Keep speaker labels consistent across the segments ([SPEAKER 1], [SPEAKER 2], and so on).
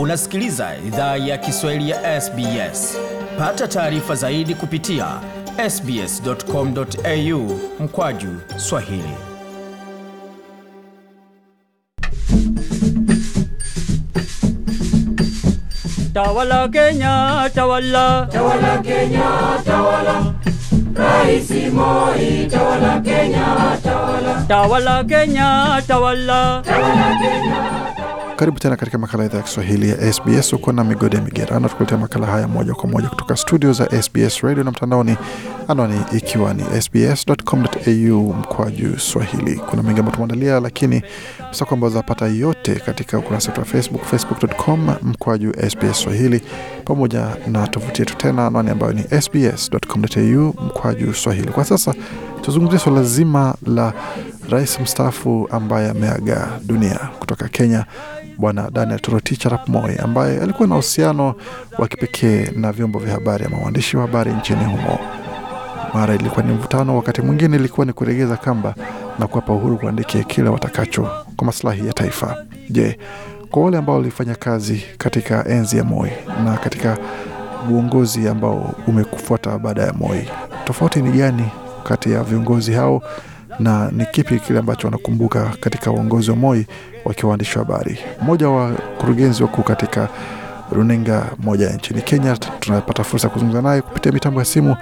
[SPEAKER 1] Unasikiliza idhaa ya Kiswahili ya SBS. Pata taarifa zaidi kupitia sbs.com.au mkwaju Swahili. Tawala Kenya, tawala. Tawala Kenya, tawala. Raisi Moi, tawala Kenya, tawala. Tawala Kenya, tawala. Tawala
[SPEAKER 2] Kenya. Karibu tena katika makala idhaa ya Kiswahili ya SBS. Uko na migodi ya migerano, tukuletea makala haya moja kwa moja kutoka studio za SBS radio na mtandaoni, anwani ikiwa ni sbs.com.au mkwaju swahili. Kuna mengi ambayo tumeandalia, lakini sasa kwamba zapata yote katika ukurasa wetu wa Facebook, facebook.com mkwaju SBS Swahili, pamoja na tovuti yetu tena, anwani ambayo ni sbs.com.au mkwaju Swahili. Kwa sasa tuzungumzia suala zima la rais mstaafu ambaye ameaga dunia kutoka Kenya, Bwana Daniel Toroitich arap Moi, ambaye alikuwa na uhusiano wa kipekee na vyombo vya habari ama waandishi wa habari nchini humo. Mara ilikuwa ni mvutano, wakati mwingine ilikuwa ni kuregeza kamba na kuwapa uhuru kuandikia kile watakacho kwa maslahi ya taifa. Je, kwa wale ambao walifanya kazi katika enzi ya Moi na katika uongozi ambao umekufuata baada ya Moi, tofauti ni gani kati ya viongozi hao na ni kipi kile ambacho wanakumbuka katika uongozi wa Moi wakiwa waandishi wa habari? Mmoja wa kurugenzi wakuu katika runinga moja nchini Kenya. Tunapata fursa ya kuzungumza naye kupitia mitambo ya simu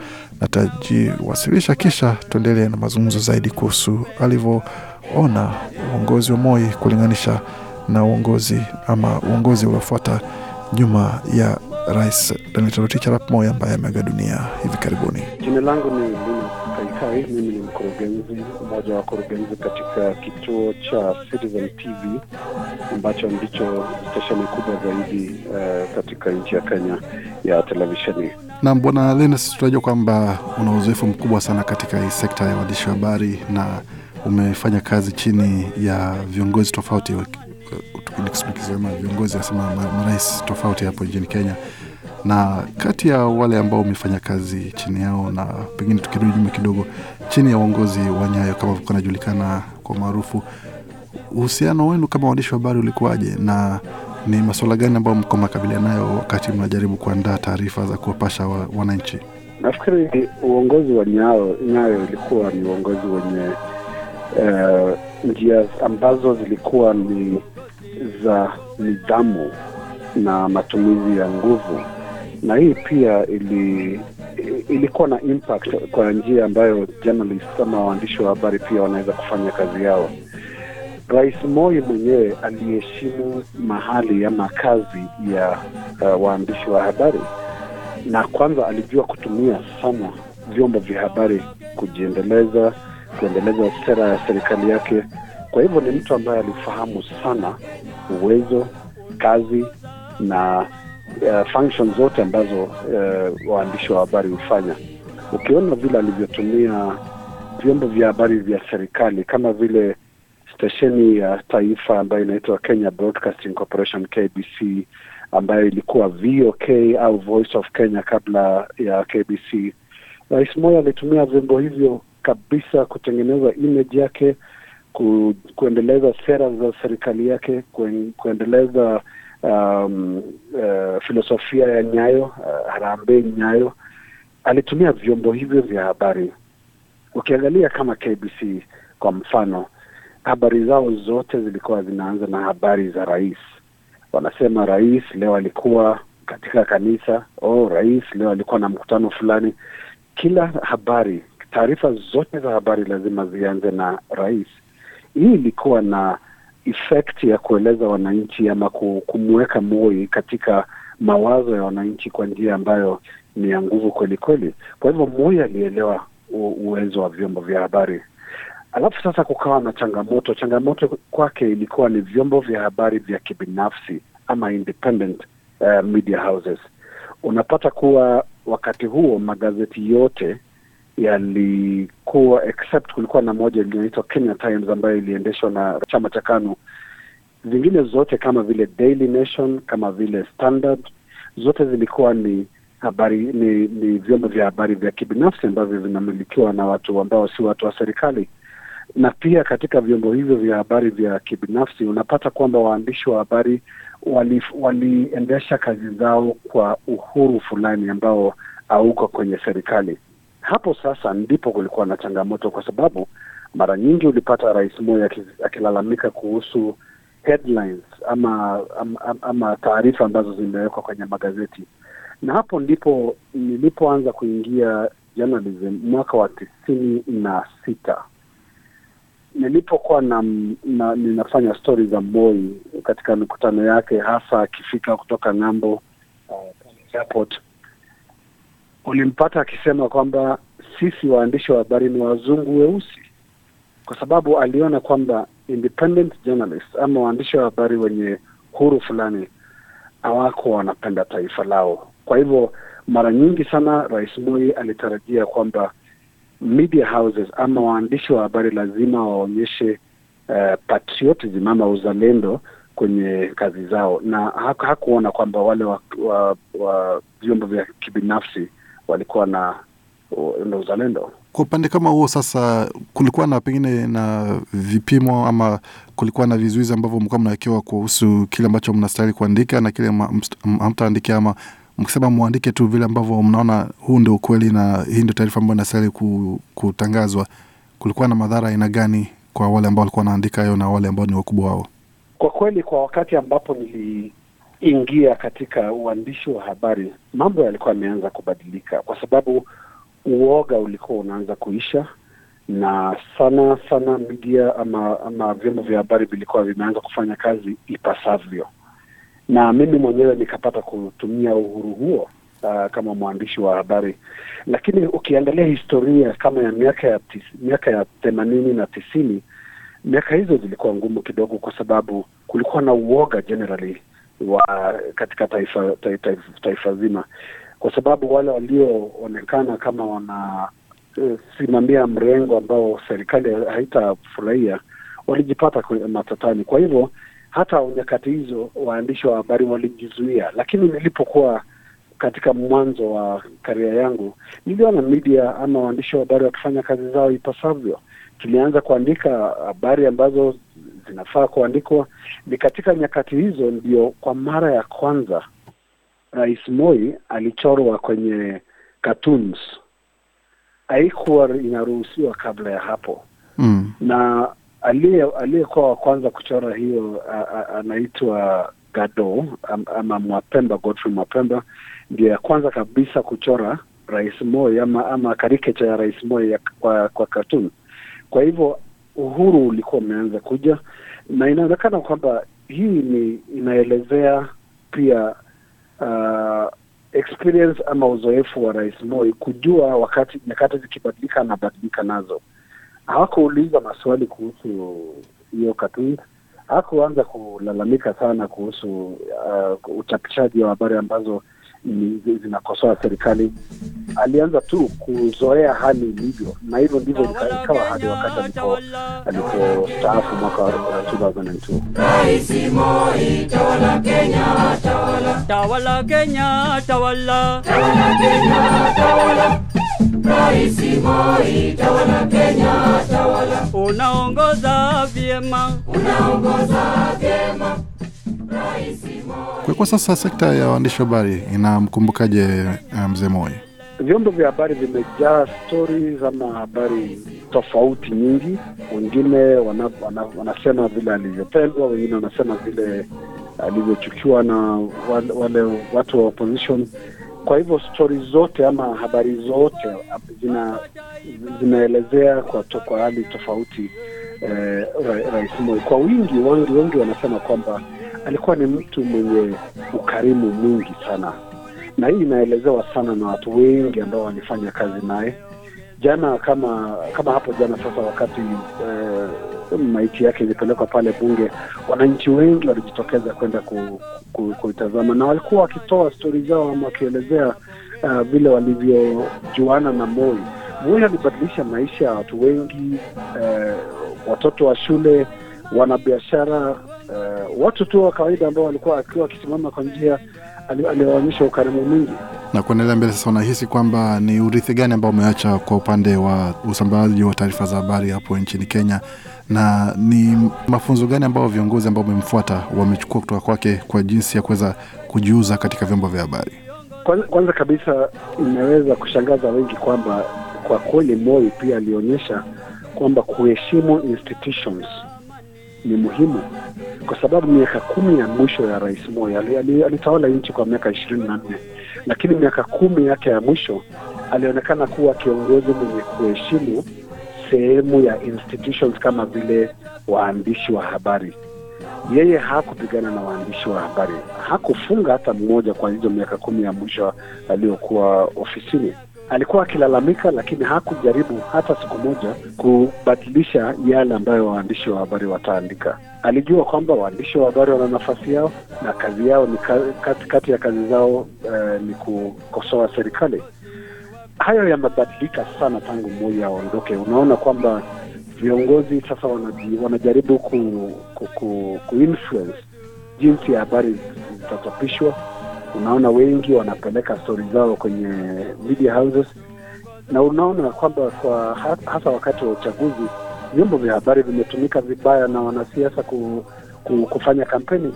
[SPEAKER 2] na kisha tuendelee na mazungumzo zaidi kuhusu alivyoona uongozi wa Moi kulinganisha na uongozi ama uongozi uliofuata nyuma ya Rais Daniel Toroitich arap Moi ambaye ameaga dunia hivi karibuni.
[SPEAKER 1] Jina langu ni Kai, mimi ni mkurugenzi, mmoja wa wakurugenzi katika kituo cha Citizen TV ambacho ndicho stesheni kubwa zaidi uh, katika nchi ya Kenya ya televisheni.
[SPEAKER 2] nam Bwana Lenes, tunajua kwamba una uzoefu mkubwa sana katika hii sekta ya uandishi wa habari na umefanya kazi chini ya viongozi tofauti, nikisema viongozi asema marais tofauti hapo nchini Kenya na kati ya wale ambao wamefanya kazi chini yao, na pengine tukirudi nyuma kidogo, chini ya uongozi wa Nyayo kama vilikuwa kwa maarufu, uhusiano wenu kama waandishi wa habari ulikuwaje na ni masuala gani ambayo mko makabilia nayo wakati mnajaribu kuandaa taarifa za kuwapasha wa, wananchi?
[SPEAKER 1] Nafikiri uongozi wa Nyayo, Nyayo ilikuwa ni uongozi wenye uh, njia ambazo zilikuwa ni za nidhamu na matumizi ya nguvu na hii pia ili, ilikuwa na impact kwa njia ambayo ama waandishi wa habari pia wanaweza kufanya kazi yao. Rais Moi mwenyewe aliheshimu mahali ama kazi ya uh, waandishi wa habari, na kwanza alijua kutumia sana vyombo vya habari kujiendeleza, kuendeleza sera ya serikali yake. Kwa hivyo ni mtu ambaye alifahamu sana uwezo, kazi na uh, eh, function zote ambazo uh, waandishi wa habari hufanya. Ukiona vile alivyotumia vyombo vya habari vya serikali kama vile stesheni ya taifa ambayo inaitwa Kenya Broadcasting Corporation KBC, ambayo ilikuwa VOK au Voice of Kenya kabla ya KBC. Rais Moi alitumia vyombo hivyo kabisa kutengeneza image yake ku, kuendeleza sera za serikali yake, kuendeleza um, uh, filosofia ya Nyayo uh, harambee Nyayo alitumia vyombo hivyo vya habari. Ukiangalia kama KBC kwa mfano, habari zao zote zilikuwa zinaanza na habari za rais. Wanasema rais leo alikuwa katika kanisa, oh, rais leo alikuwa na mkutano fulani. Kila habari, taarifa zote za habari lazima zianze na rais. Hii ilikuwa na effect ya kueleza wananchi ama kumweka Moi katika mawazo ya wananchi kwa njia ambayo ni ya nguvu kweli kweli. Kwa hivyo Moi alielewa uwezo wa vyombo vya habari. Alafu sasa kukawa na changamoto. Changamoto kwake ilikuwa ni vyombo vya habari vya kibinafsi ama independent uh, media houses. Unapata kuwa wakati huo magazeti yote yalikuwa except kulikuwa na moja inaitwa Kenya Times ambayo iliendeshwa na chama cha KANU. Zingine zote kama vile Daily Nation, kama vile Standard, zote zilikuwa ni habari ni, ni vyombo vya habari vya kibinafsi ambavyo vinamilikiwa na watu ambao si watu wa serikali. Na pia katika vyombo hivyo vya habari vya kibinafsi unapata kwamba waandishi wa habari waliendesha wali kazi zao kwa uhuru fulani ambao hauko kwenye serikali. Hapo sasa ndipo kulikuwa na changamoto, kwa sababu mara nyingi ulipata Rais Moi akilalamika kuhusu headlines ama, ama, ama taarifa ambazo zimewekwa kwenye magazeti, na hapo ndipo nilipoanza kuingia journalism mwaka wa tisini na sita nilipokuwa na, na, ninafanya stori za Moi katika mikutano yake hasa akifika kutoka ng'ambo uh, airport ulimpata akisema kwamba sisi waandishi wa habari ni wazungu weusi, kwa sababu aliona kwamba independent ama waandishi wa habari wenye huru fulani awako wanapenda taifa lao. Kwa hivyo mara nyingi sana Rais Moi alitarajia kwamba media houses ama waandishi wa habari lazima waonyeshe uh, patriotism ama uzalendo kwenye kazi zao, na hakuona kwamba wale wa vyombo vya kibinafsi walikuwa na, na uzalendo
[SPEAKER 2] kwa upande kama huo. Sasa kulikuwa na pengine na vipimo ama kulikuwa na vizuizi ambavyo mlikuwa mnawekewa kuhusu kile ambacho mnastahili kuandika na kile hamtaandikia, ama mkisema mwandike tu vile ambavyo mnaona huu ndio ukweli na hii ndio taarifa ambayo inastahili kutangazwa? Kulikuwa na madhara aina gani kwa wale ambao walikuwa wanaandika hayo na wale ambao ni wakubwa wao?
[SPEAKER 1] Kwa kweli, kwa wakati ambapo nili ingia katika uandishi wa habari, mambo yalikuwa yameanza kubadilika, kwa sababu uoga ulikuwa unaanza kuisha, na sana sana media ama ama vyombo vya habari vilikuwa vimeanza kufanya kazi ipasavyo, na mimi mwenyewe nikapata kutumia uhuru huo uh, kama mwandishi wa habari. Lakini ukiangalia historia kama ya miaka ya tis, miaka ya themanini na tisini, miaka hizo zilikuwa ngumu kidogo, kwa sababu kulikuwa na uoga generally wa katika taifa taifa, taifa zima, kwa sababu wale walioonekana kama wanasimamia eh, uh, mrengo ambao serikali haitafurahia walijipata matatani. Kwa hivyo hata nyakati hizo waandishi wa habari walijizuia, lakini nilipokuwa katika mwanzo wa karia yangu niliona media ama waandishi wa habari wakifanya kazi zao ipasavyo. Tulianza kuandika habari ambazo zinafaa kuandikwa. Ni katika nyakati hizo ndio kwa mara ya kwanza Rais Moi alichorwa kwenye cartoons. Haikuwa inaruhusiwa kabla ya hapo mm. na aliyekuwa wa kwanza kuchora hiyo anaitwa Gado ama Mwapemba, Godfrey Mwapemba ndio ya kwanza kabisa kuchora Rais Moi ama ama karikecha ya Rais Moi kwa, kwa cartoon. Kwa hivyo uhuru ulikuwa umeanza kuja, na inaonekana kwamba hii ni inaelezea pia uh, experience ama uzoefu wa Rais Moi kujua wakati nyakati zikibadilika anabadilika nazo. Hawakuuliza maswali kuhusu hiyo katuni, hawakuanza kulalamika sana kuhusu uh, uchapishaji wa habari ambazo zinakosoa serikali alianza tu kuzoea hali ilivyo, na hivyo ndivyo ikawa hadi wakati alipostaafu mwaka wa 2002. Rais Moi, tawala Kenya, tawala tawala Kenya, tawala tawala Kenya, tawala Rais Moi, tawala Kenya, tawala unaongoza vyema, unaongoza vyema.
[SPEAKER 2] Kwa, kwa sasa sekta ya waandishi habari inamkumbukaje eh, mzee Moi?
[SPEAKER 1] vyombo vya habari vimejaa stori ama habari tofauti nyingi. Wengine wana, wana, wanasema vile alivyopendwa, wengine wanasema vile alivyochukiwa na wale, wale watu wa opposition. Kwa hivyo stori zote ama habari zote zina zinaelezea kwa, to, kwa hali tofauti eh, Rais Moi. Kwa wingi wengi wanasema kwamba alikuwa ni mtu mwenye ukarimu mwingi sana na hii inaelezewa sana na watu wengi ambao walifanya kazi naye jana, kama kama hapo jana. Sasa wakati eh, maiti yake ilipelekwa pale Bunge, wananchi wengi walijitokeza kwenda kuitazama ku, ku, na walikuwa wakitoa stori zao ama wakielezea uh, vile walivyojuana na Moi. Moi alibadilisha maisha ya watu wengi eh, watoto wa shule, wanabiashara eh, watu tu wa kawaida ambao walikuwa wakiwa wakisimama kwa njia aliwaonyesha ukarimu mwingi.
[SPEAKER 2] Na kuendelea mbele sasa, unahisi kwamba ni urithi gani ambao umeacha kwa upande wa usambazaji wa taarifa za habari hapo nchini Kenya, na ni mafunzo gani ambao viongozi ambao wamemfuata wamechukua kutoka kwake kwa jinsi ya kuweza kujiuza katika vyombo vya habari?
[SPEAKER 1] Kwanza, kabisa imeweza kushangaza wengi kwamba kwa kweli Moi pia alionyesha kwamba kuheshimu institutions ni muhimu kwa sababu miaka kumi ya mwisho ya Rais Moi alitawala nchi kwa miaka ishirini na nne lakini miaka kumi yake ya mwisho alionekana kuwa kiongozi mwenye kuheshimu sehemu ya institutions kama vile waandishi wa habari. Yeye hakupigana na waandishi wa habari, hakufunga hata mmoja kwa hizo miaka kumi ya mwisho aliyokuwa ofisini alikuwa akilalamika, lakini hakujaribu hata siku moja kubadilisha yale ambayo waandishi wa habari wataandika. Alijua kwamba waandishi wa habari wana nafasi yao na kazi yao ni kati, kati ya kazi zao eh, ni kukosoa serikali. Hayo yamebadilika sana tangu Moi aondoke. Unaona kwamba viongozi sasa wanajaribu ku, ku, ku, ku influence jinsi ya habari zitachapishwa unaona wengi wanapeleka stori zao kwenye media houses, na unaona kwamba kwa hasa wakati wa uchaguzi vyombo vya habari vimetumika vibaya na wanasiasa ku, ku, kufanya kampeni,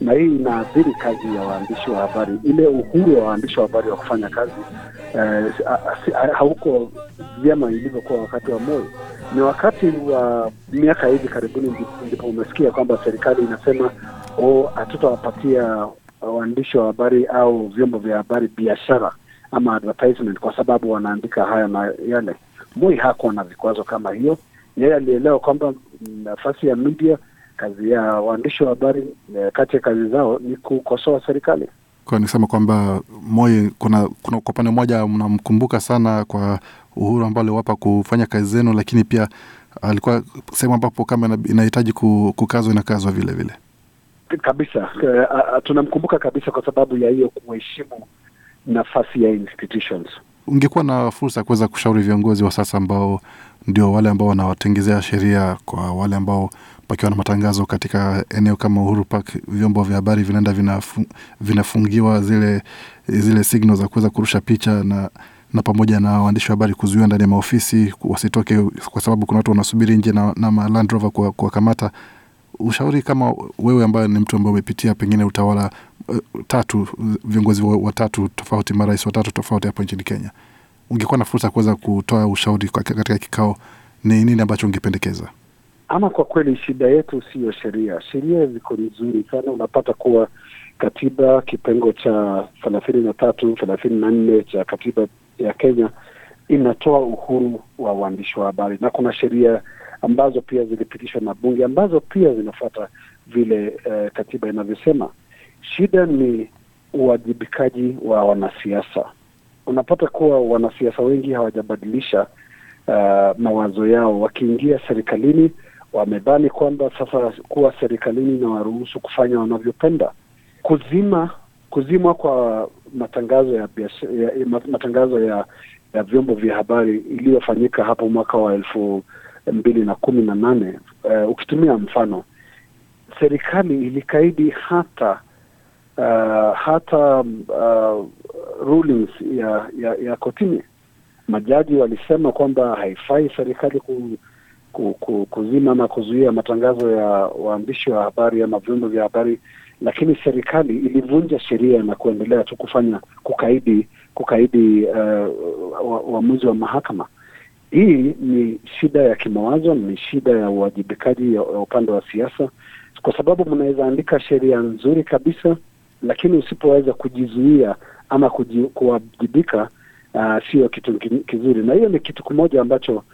[SPEAKER 1] na hii inaathiri kazi ya waandishi wa habari, ile uhuru wa waandishi wa habari wa kufanya kazi eh, hauko vyema ilivyokuwa wakati wa Moi. Ni wakati wa miaka hivi karibuni ndipo umesikia kwamba serikali inasema o, oh, hatutawapatia waandishi wa habari au vyombo vya habari biashara ama advertisement, kwa sababu wanaandika haya na yale. Moi hako na vikwazo kama hiyo. Yeye alielewa kwamba nafasi ya media, kazi ya waandishi wa habari, eh, kati ya kazi zao ni kukosoa serikali.
[SPEAKER 2] Kwa nisema kwamba Moi kuna, kuna kwa upande mmoja mnamkumbuka sana kwa uhuru ambao aliwapa kufanya kazi zenu, lakini pia alikuwa sehemu ambapo kama inahitaji kukazwa inakazwa vilevile vile
[SPEAKER 1] kabisa, eh, ah, tunamkumbuka kabisa kwa sababu ya hiyo kuheshimu nafasi ya institutions.
[SPEAKER 2] Ungekuwa na fursa ya kuweza kushauri viongozi wa sasa ambao ndio wale ambao wanawatengezea sheria kwa wale ambao pakiwa na matangazo katika eneo kama Uhuru Park, vyombo vya habari vinaenda vinafungiwa zile, zile signal za kuweza kurusha picha na na pamoja na waandishi wa habari kuzuiwa ndani ya maofisi wasitoke, kwa sababu kuna watu wanasubiri nje na, na Land Rover kuwakamata kwa ushauri kama wewe ambaye ni mtu ambaye umepitia pengine utawala uh, tatu viongozi watatu tofauti, marais watatu tofauti hapo nchini Kenya, ungekuwa na fursa ya kuweza kutoa ushauri katika kikao, ni nini ambacho ungependekeza?
[SPEAKER 1] Ama kwa kweli shida yetu siyo sheria. Sheria ziko nzuri sana, unapata kuwa katiba kipengo cha thelathini na tatu thelathini na nne cha katiba ya Kenya inatoa uhuru wa uandishi wa habari na kuna sheria ambazo pia zilipitishwa na bunge ambazo pia zinafuata vile uh, katiba inavyosema. Shida ni uwajibikaji wa wanasiasa. Unapata kuwa wanasiasa wengi hawajabadilisha uh, mawazo yao. Wakiingia serikalini, wamebani kwamba sasa kuwa serikalini na waruhusu kufanya wanavyopenda. Kuzima kuzimwa kwa matangazo ya, ya matangazo ya ya vyombo vya habari iliyofanyika hapo mwaka wa elfu mbili na kumi na nane uh, ukitumia mfano serikali ilikaidi hata uh, hata uh, rulings ya, ya ya kotini. Majaji walisema kwamba haifai serikali ku, ku, ku, kuzima na kuzuia matangazo ya waandishi wa habari ama vyombo vya habari, lakini serikali ilivunja sheria na kuendelea tu kufanya kukaidi kukaidi uamuzi uh, wa, wa mahakama. Hii ni shida ya kimawazo, ni shida ya uwajibikaji ya upande wa siasa, kwa sababu mnaweza andika sheria nzuri kabisa, lakini usipoweza kujizuia ama kuwajibika, uh, sio kitu kizuri. Na hiyo ni kitu kimoja ambacho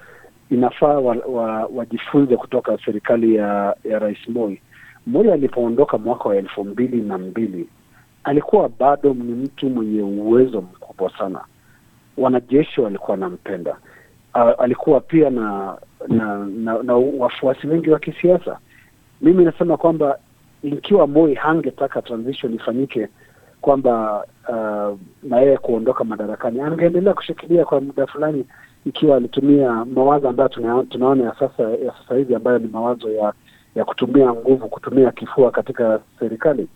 [SPEAKER 1] inafaa wajifunze wa, wajifunze kutoka serikali ya, ya Rais Moi. Moi alipoondoka mwaka wa elfu mbili na mbili alikuwa bado ni mtu mwenye uwezo mkubwa sana, wanajeshi walikuwa wanampenda uh, alikuwa pia na na, na, na wafuasi wengi wa kisiasa. Mimi nasema kwamba ikiwa Moi hangetaka transition ifanyike kwamba uh, na yeye kuondoka madarakani, angeendelea kushikilia kwa muda fulani, ikiwa alitumia mawazo ambayo tuna, tunaona ya sasa ya sasa hivi ambayo ni mawazo ya ya kutumia nguvu, kutumia kifua katika serikali.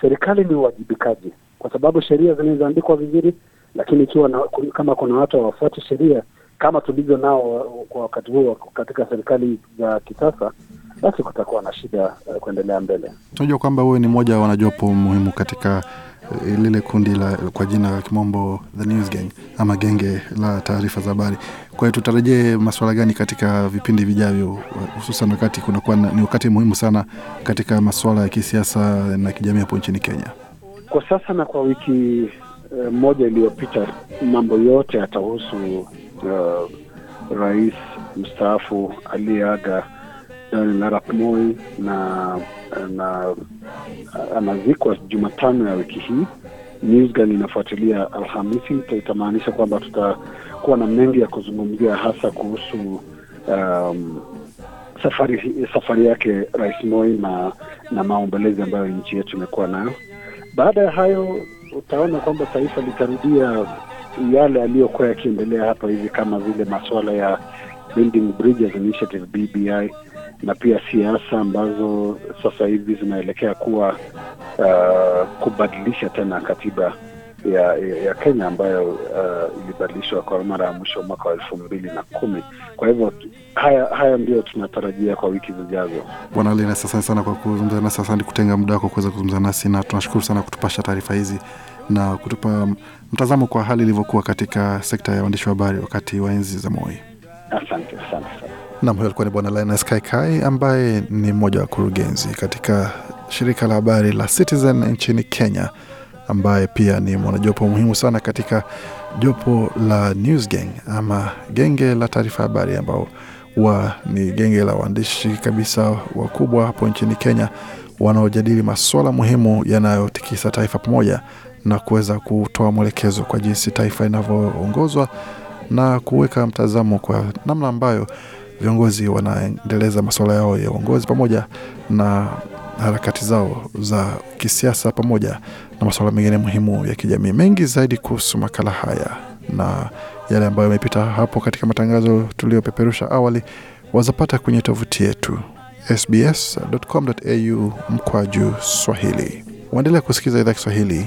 [SPEAKER 1] Serikali ni uwajibikaji, kwa sababu sheria zinazoandikwa vizuri, lakini ikiwa na, kama kuna watu hawafuati sheria kama tulivyo nao uh, kwa wakati huo katika serikali za kisasa, basi kutakuwa na shida uh, kuendelea mbele.
[SPEAKER 2] Tunajua kwamba wewe ni mmoja wa wanajopo muhimu katika uh, lile kundi la kwa jina la kimombo the news gang ama genge la taarifa za habari. Kwa hiyo tutarejee masuala gani katika vipindi vijavyo, hususan wakati kunakuwa ni wakati muhimu sana katika masuala ya kisiasa na kijamii hapo nchini Kenya
[SPEAKER 1] kwa sasa na kwa wiki moja iliyopita, mambo yote yatahusu uh, rais mstaafu aliyeaga Daniel Arap Moi na na anazikwa Jumatano ya wiki hii. Newsgun inafuatilia Alhamisi, itamaanisha kwamba tutakuwa na mengi ya kuzungumzia hasa kuhusu um, safari safari yake Rais Moi na na maombelezi ambayo nchi yetu imekuwa nayo. Baada ya hayo, utaona kwamba taifa litarudia yale aliyokuwa yakiendelea hapa hivi kama vile masuala ya Building Bridges Initiative BBI na pia siasa ambazo sasa hivi zinaelekea kuwa uh, kubadilisha tena katiba ya, ya Kenya ambayo uh, ilibadilishwa kwa mara ya mwisho mwaka wa elfu mbili na kumi. Kwa hivyo haya, haya ndio tunatarajia kwa wiki zijazo.
[SPEAKER 2] Bwana Lina, asante sana kwa kuzungumza nasi. Asante kutenga muda wako kuweza kuzungumza nasi, na tunashukuru sana kutupasha taarifa hizi na kutupa mtazamo kwa hali ilivyokuwa katika sekta ya waandishi wa habari wakati wa enzi za Moi. Asante, Nam, huyo alikuwa ni Bwana Linus Kaikai ambaye ni mmoja wa kurugenzi katika shirika la habari la Citizen nchini Kenya, ambaye pia ni mwanajopo muhimu sana katika jopo la News Gang ama genge la taarifa habari, ambao huwa ni genge la waandishi kabisa wakubwa hapo nchini Kenya wanaojadili masuala muhimu yanayotikisa taifa pamoja na kuweza kutoa mwelekezo kwa jinsi taifa inavyoongozwa na kuweka mtazamo kwa namna ambayo viongozi wanaendeleza masuala yao ya uongozi pamoja na harakati zao za kisiasa pamoja na masuala mengine muhimu ya kijamii. Mengi zaidi kuhusu makala haya na yale ambayo yamepita hapo katika matangazo tuliyopeperusha awali wazapata kwenye tovuti yetu sbs.com.au mkwaju Swahili. Waendelea kusikiza idhaa Kiswahili